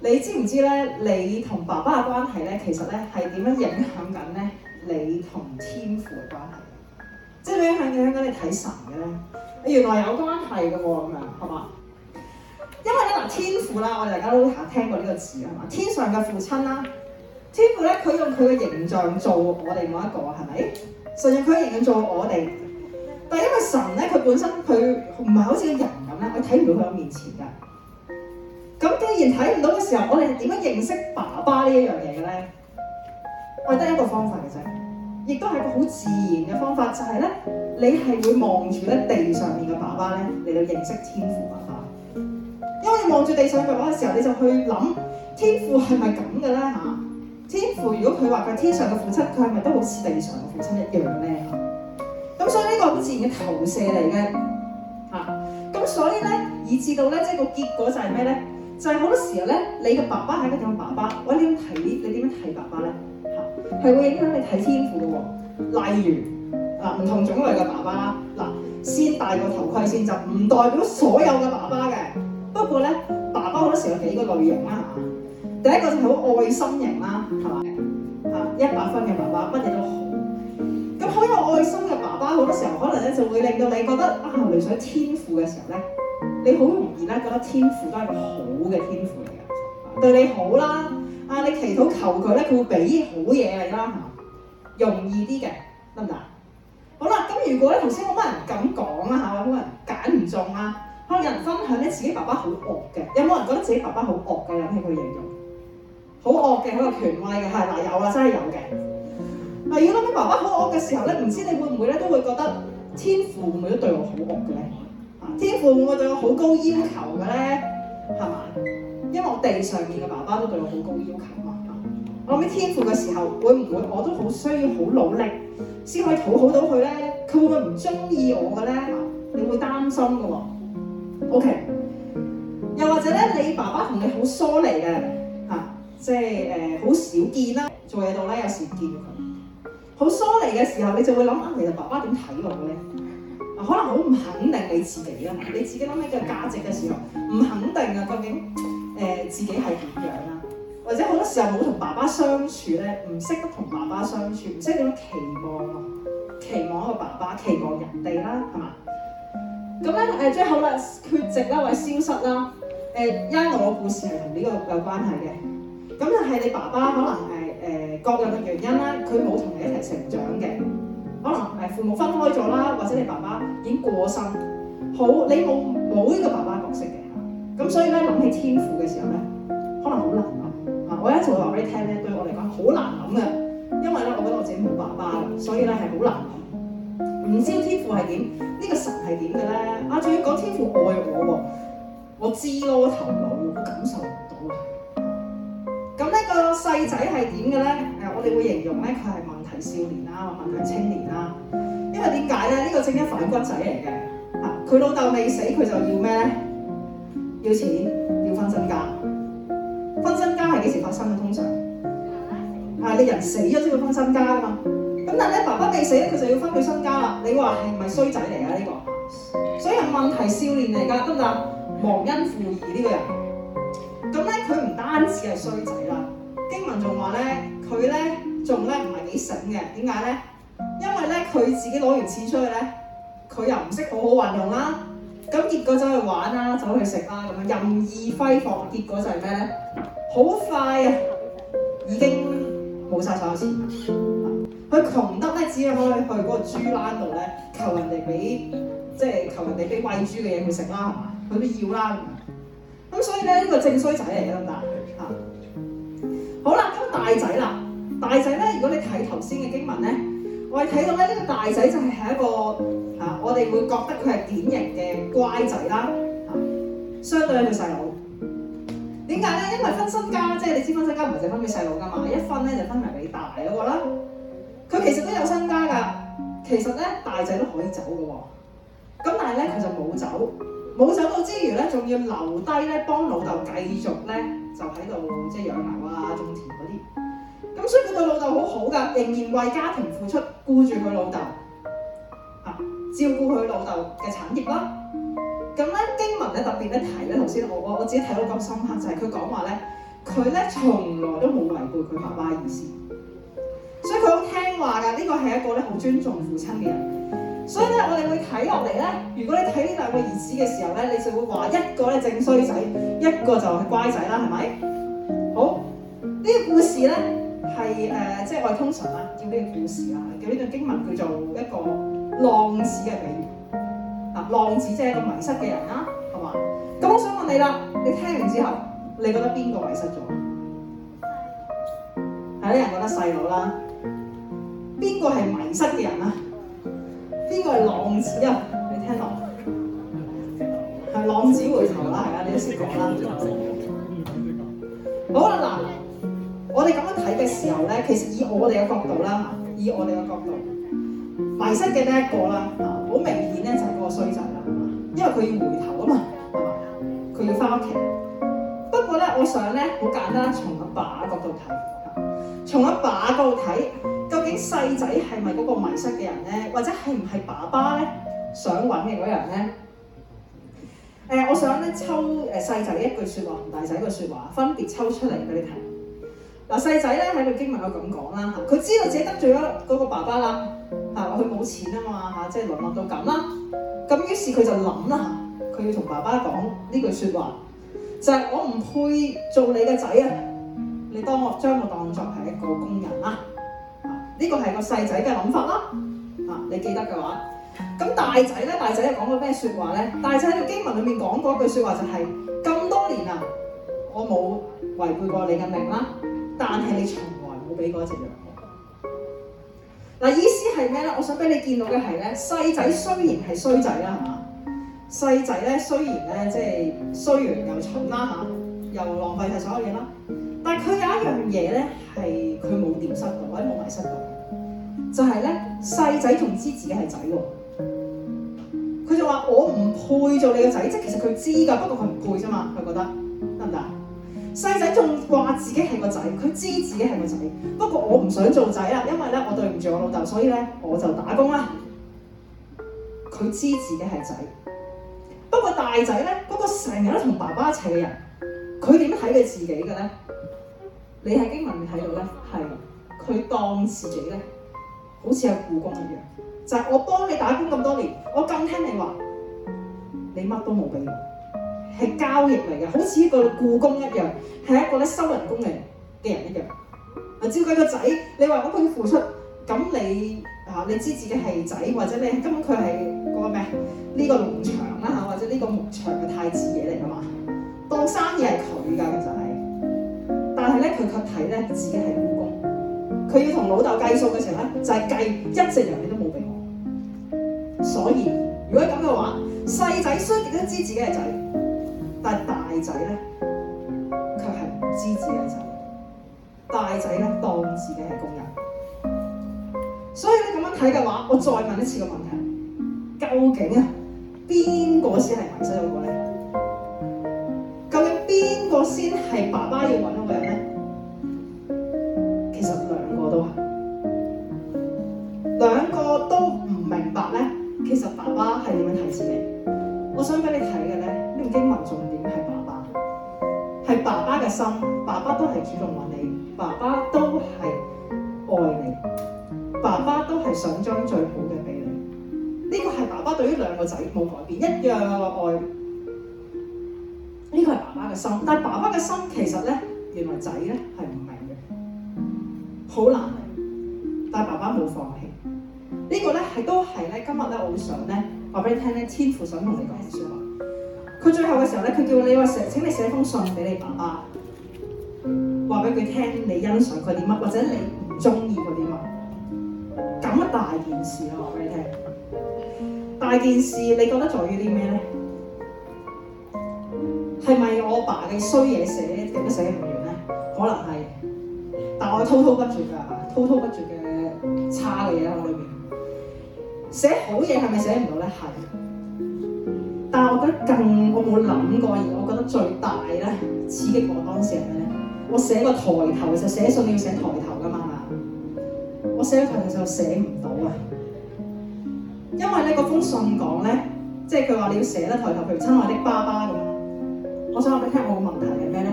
你知唔知咧？你同爸爸嘅關係咧，其實咧係點樣影響緊咧？你同天父嘅關係，即係影響影響緊你睇神嘅呢？原來有關係嘅喎，咁樣係嘛？因為咧天父啦，我哋大家都行聽過呢個詞係嘛？天上嘅父親啦，天父咧，佢用佢嘅形象做我哋某一個係咪？所以佢形象做我哋，但係因為神呢，佢本身佢唔係好似人咁咧，我睇唔到佢喺面前㗎。咁既然睇唔到嘅時候，我哋點樣認識爸爸呢一樣嘢嘅呢？我哋得一個方法嘅啫，亦都係個好自然嘅方法，就係咧，你係會望住咧地上面嘅爸爸咧，嚟到認識天父爸爸。因為你望住地上嘅爸爸嘅時候，你就去諗天父係咪咁嘅咧吓？天父如果佢話佢天上嘅父親，佢係咪都好似地上嘅父親一樣呢？」咁所以呢個好自然嘅投射嚟嘅吓，咁所以呢，以至到咧，即係個結果就係咩呢？就係好多時候呢，你嘅爸爸喺嗰度，爸爸，喂，你點睇？你點樣睇爸爸呢？嚇，係會影響你睇天賦嘅喎。例如嗱，唔、啊、同種類嘅爸爸啦，嗱、啊，先戴個頭盔先，就唔代表所有嘅爸爸嘅。不過呢，爸爸好多時候有幾個類型啦、啊，嚇、啊，第一個就係好愛心型啦、啊，係嘛？嚇、啊，一百分嘅爸爸，乜嘢都好。咁好有愛心嘅爸爸，好多時候可能呢就會令到你覺得啊，你想天賦嘅時候呢。你好容易咧，覺得天父都係個好嘅天父嚟嘅，對你好啦，啊你祈禱求佢咧，佢會俾好嘢你啦嚇，容易啲嘅，得唔得？好啦，咁如果咧，頭先有冇人咁講啊嚇？有冇人揀唔中啊？可能有人分享咧，自己爸爸好惡嘅，有冇人覺得自己爸爸好惡嘅引起佢形容？好惡嘅，好有權威嘅，係嗱有啦，真係有嘅。諗起咧，爸爸好惡嘅時候咧，唔知你會唔會咧都會覺得天父會唔會都對我好惡嘅咧？天父會唔會對我好高要求嘅咧？係嘛？因為我地上面嘅爸爸都對我好高要求嘛。啊、我諗起天父嘅時候，會唔會我都好需要好努力先可以討好到佢咧？佢會唔會唔中意我嘅咧？啊？你會擔心嘅喎，哦。OK。又或者咧，你爸爸同你好疏離嘅，嚇、啊，即係誒好少見啦，做嘢到咧有時見到佢，好疏離嘅時候，你就會諗啊，其實爸爸點睇我嘅咧？可能好唔肯定你自己啦，你自己諗起個價值嘅時候，唔肯定啊，究竟誒、呃、自己係點樣啦、啊？或者好多時候冇同爸爸相處咧，唔識得同爸爸相處，唔識點樣期望、啊、期望一個爸爸，期望人哋、啊、啦，係嘛？咁咧誒，即係好啦，缺席啦或消失啦，誒、啊呃，因為我故事係同呢個有關係嘅，咁就係你爸爸可能誒誒、呃、各樣嘅原因啦、啊，佢冇同你一齊成長嘅。可能係父母分開咗啦，或者你爸爸已經過身，好你冇冇呢個爸爸角色嘅，咁所以咧諗起天父嘅時候咧，可能好難諗啊！我一直會話俾你聽咧，對我嚟講好難諗嘅，因為咧我覺得我自己冇爸爸，所以咧係好難諗。唔知天父係點？呢個神係點嘅咧？啊，仲要講天父愛我喎，我知咯，我頭腦我感受唔到。咁呢個細仔係點嘅咧？誒，我哋會形容咧，佢係。少年啦，我問題青年啦，因為點解咧？呢個正一反骨仔嚟嘅，吓佢老豆未死，佢就要咩咧？要錢，要分身家。分身家係幾時發生嘅？通常吓你人死咗先會分身家噶嘛。咁但係咧，爸爸未死咧，佢就要分佢身家啦。你話係唔係衰仔嚟啊？呢個，所以係問題少年嚟噶，得唔得？忘恩負義呢個人，咁咧佢唔單止係衰仔。經文仲話咧，佢咧仲咧唔係幾醒嘅，點解咧？因為咧佢自己攞完錢出去咧，佢又唔識好好運用啦，咁結果走去玩啦，走去食啦，咁任意揮霍，結果就係咩咧？好快啊，已經冇晒所有錢。佢、啊、窮得咧，只係可以去嗰個豬欄度咧，求人哋俾，即係求人哋俾餵豬嘅嘢佢食啦，係、啊、嘛？佢都要啦。咁、啊、所以咧，呢、這個正衰仔嚟嘅咁，但係嚇。大仔啦，大仔咧，如果你睇頭先嘅經文咧，我哋睇到咧呢個大仔就係係一個吓，啊，我哋會覺得佢係典型嘅乖仔啦，啊，相對於佢細佬，點解咧？因為分身家，即係你知分身家唔係淨分俾細佬噶嘛，一分咧就分埋你大嗰個啦。佢其實都有身家噶，其實咧大仔都可以走噶，咁但係咧佢就冇走。冇走到之餘咧，仲要留低咧，幫老豆繼續咧，就喺度即係養牛啊、種田嗰啲。咁所以佢對老豆好好噶，仍然為家庭付出，顧住佢老豆啊，照顧佢老豆嘅產業啦。咁咧經文咧特別咧提咧，頭先我我我自己睇到咁深刻，就係佢講話咧，佢咧從來都冇違背佢爸爸意思，所以佢好聽話噶。呢個係一個咧好尊重父親嘅人。所以咧，我哋會睇落嚟呢。如果你睇呢兩個兒子嘅時候呢，你就會話一個咧正衰仔，一個就係乖仔啦，係咪？好，呢個故事呢，係，即係我哋通常啦，叫呢個故事啦，叫呢段經文叫做一個浪子嘅比喻。嗱，浪子即係一個迷失嘅人啦，係嘛？咁我想問你啦，你聽完之後，你覺得邊個迷失咗？係啲人覺得細佬啦，邊個係迷失嘅人啊？應該係浪子啊？你聽落，係浪子回頭啦，係啊，你都識講啦。好啦，嗱，我哋咁樣睇嘅時候咧，其實以我哋嘅角度啦，以我哋嘅角度，迷失嘅呢一個啦，啊，好明顯咧就係嗰個衰仔啦，因為佢要回頭啊嘛，係嘛，佢要翻屋企。不過咧，我想咧，好簡單，從阿爸角度睇，從阿爸角度睇。究竟細仔係咪嗰個迷失嘅人咧，或者係唔係爸爸咧想搵嘅嗰人咧？誒、呃，我想咧抽誒細仔一句説話同大仔一句説話分別抽出嚟俾你睇嗱。細仔咧喺度經文有咁講啦，嚇佢知道自己得罪咗嗰個爸爸啦，嚇話佢冇錢啊嘛，嚇即係淪落到咁啦。咁、啊、於是佢就諗啦，嚇佢要同爸爸講呢句説話，就係、是、我唔配做你嘅仔啊！你當我將我當作係一個工人啦。呢個係個細仔嘅諗法啦，啊，你記得嘅話，咁大仔咧，大仔又講過咩説話咧？大仔喺條經文裏面講過一句説話就係、是：咁多年啊，我冇違背過你嘅命啦、啊，但係你從來冇俾過一隻羊嗱，意思係咩咧？我想俾你見到嘅係咧，細仔雖然係衰仔啦嚇，細仔咧雖然咧即係衰羊又蠢啦嚇，又、啊、浪費曬所有嘢啦。但係佢有一樣嘢咧，係佢冇丟失過，或者冇迷失過，就係咧細仔仲知自己係仔喎，佢就話我唔配做你個仔，即係其實佢知㗎，不過佢唔配啫嘛，佢覺得得唔得？細仔仲話自己係個仔，佢知自己係個仔，不過我唔想做仔啦，因為咧我對唔住我老豆，所以咧我就打工啦。佢知自己係仔，不過大仔咧，嗰個成日都同爸爸一齊嘅人，佢點睇佢自己嘅咧？你喺經文裏睇到呢，係佢當自己呢，好似係僱工一樣，就係我幫你打工咁多年，我咁聽你話，你乜都冇俾我，係交易嚟嘅，好似一個僱工一樣，係一個收人工嘅人一樣。阿趙貴嘅仔，你話我佢付出，咁你，你知自己係仔，或者你根本佢係個咩？呢個農場啦，或者呢個牧場嘅太子爺嚟噶嘛，當生意係佢㗎，其實係。但咧，佢卻睇咧，自己係僱工。佢要同老豆計數嘅時候咧，就係、是、計一隻羊你都冇俾我，所以如果咁嘅話，細仔雖然都知自己係仔，但係大仔咧，佢係唔知自己係仔，大仔咧，當自己係工人，所以你咁樣睇嘅話，我再問一次個問題：究竟啊邊個先係迷失嗰個咧？究竟邊個先係爸爸要揾嗰個係點樣睇自己？我想俾你睇嘅咧，呢個經文重點係爸爸，係爸爸嘅心，爸爸都係主動揾你，爸爸都係愛你，爸爸都係想將最好嘅俾你。呢、這個係爸爸對於兩個仔冇改變，一樣嘅愛。呢、這個係爸爸嘅心，但係爸爸嘅心其實咧，原來仔咧係唔明嘅，好難明。但係爸爸冇放棄。這個、呢個咧係都係咧，今日咧我會想咧。話俾你聽咧，天父想同你講嘢。佢最後嘅時候咧，佢叫你話寫，請你寫封信俾你爸爸，話俾佢聽你欣賞佢啲乜，或者你唔中意佢啲乜。咁一大件事，我話俾你聽。大件事你覺得在於啲咩咧？係咪我爸嘅衰嘢寫，點都寫唔完咧？可能係，但我滔滔不絕噶，滔滔不絕嘅差嘅嘢喺裏邊。寫好嘢係咪寫唔到咧？係，但係我覺得更，我冇諗過，而我覺得最大咧刺激我當時係咩咧，我寫個抬頭就寫信要寫抬頭㗎嘛，我寫份就寫唔到啊，因為咧個封信講咧，即係佢話你要寫得抬頭，譬如親愛的爸爸咁，我想話俾你聽我個問題係咩咧？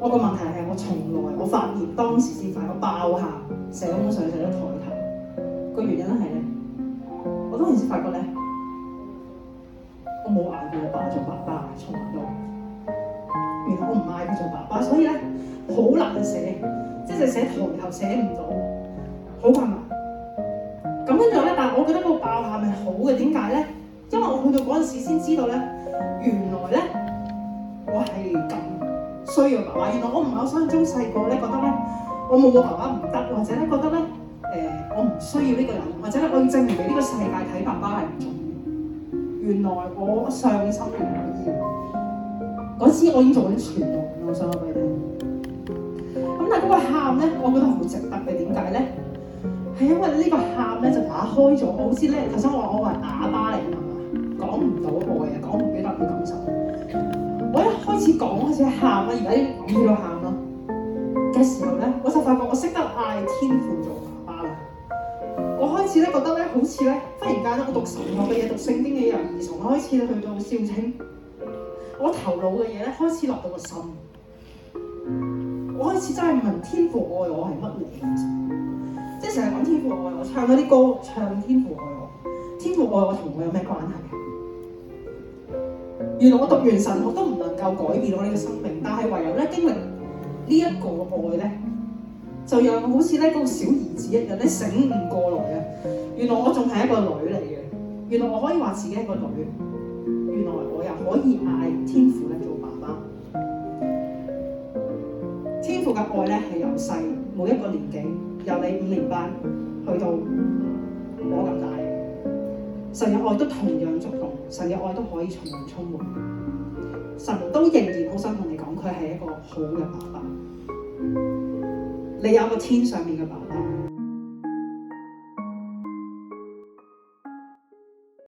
我個問題係我從來我發現當時先發現爆下寫封信寫咗抬頭。個原因咧係咧，我當時先發覺咧，我冇嗌過我爸做爸爸，從來都，原來我唔嗌佢做爸爸，所以咧好難寫，即係寫抬頭寫唔到，好困難。咁跟住咧，但係我覺得個爆喊係好嘅，點解咧？因為我去到嗰陣時先知道咧，原來咧我係咁需要爸爸。原來我唔係我想像中細個咧覺得咧，我冇個爸爸唔得，或者咧覺得咧。我唔需要呢個人，或者咧，我要證明俾呢個世界睇爸爸係唔重要。原來我上心唔可以，嗰時我已經做緊傳道。我想話俾你聽，咁但係嗰個喊咧，我覺得好值得嘅。點解咧？係因為個呢個喊咧就打開咗，好似咧頭先我話我係啞巴嚟，係嘛？講唔到嘅嘢，講唔到人嘅感受。我一開始講，開始喊啦，而家啲諗起落喊啦嘅時候咧，我就發覺我識得嗌天父。開始覺得咧，好似咧，忽然間咧，我讀神學嘅嘢，讀聖經嘅嘢由兒童開始呢去到少青，我頭腦嘅嘢咧開始落到個心，我開始真係問天父愛我係乜嘢？即係成日講天父愛我，唱嗰啲歌唱天父愛我，天父愛我同我有咩關係？原來我讀完神學都唔能夠改變到我呢個生命，但係唯有咧經歷呢一個嘅愛咧。就讓好似咧嗰個小兒子一樣醒悟過來嘅，原來我仲係一個女嚟嘅，原來我可以話自己係個女兒，原來我又可以嗌天父嚟做爸爸。天父嘅愛呢係由細每一個年紀，由你五年班去到我咁大，神嘅愛都同樣觸動，神嘅愛都可以重新充滿充滿，神都仍然好想同你講，佢係一個好嘅爸爸。你有個天上面嘅爸爸。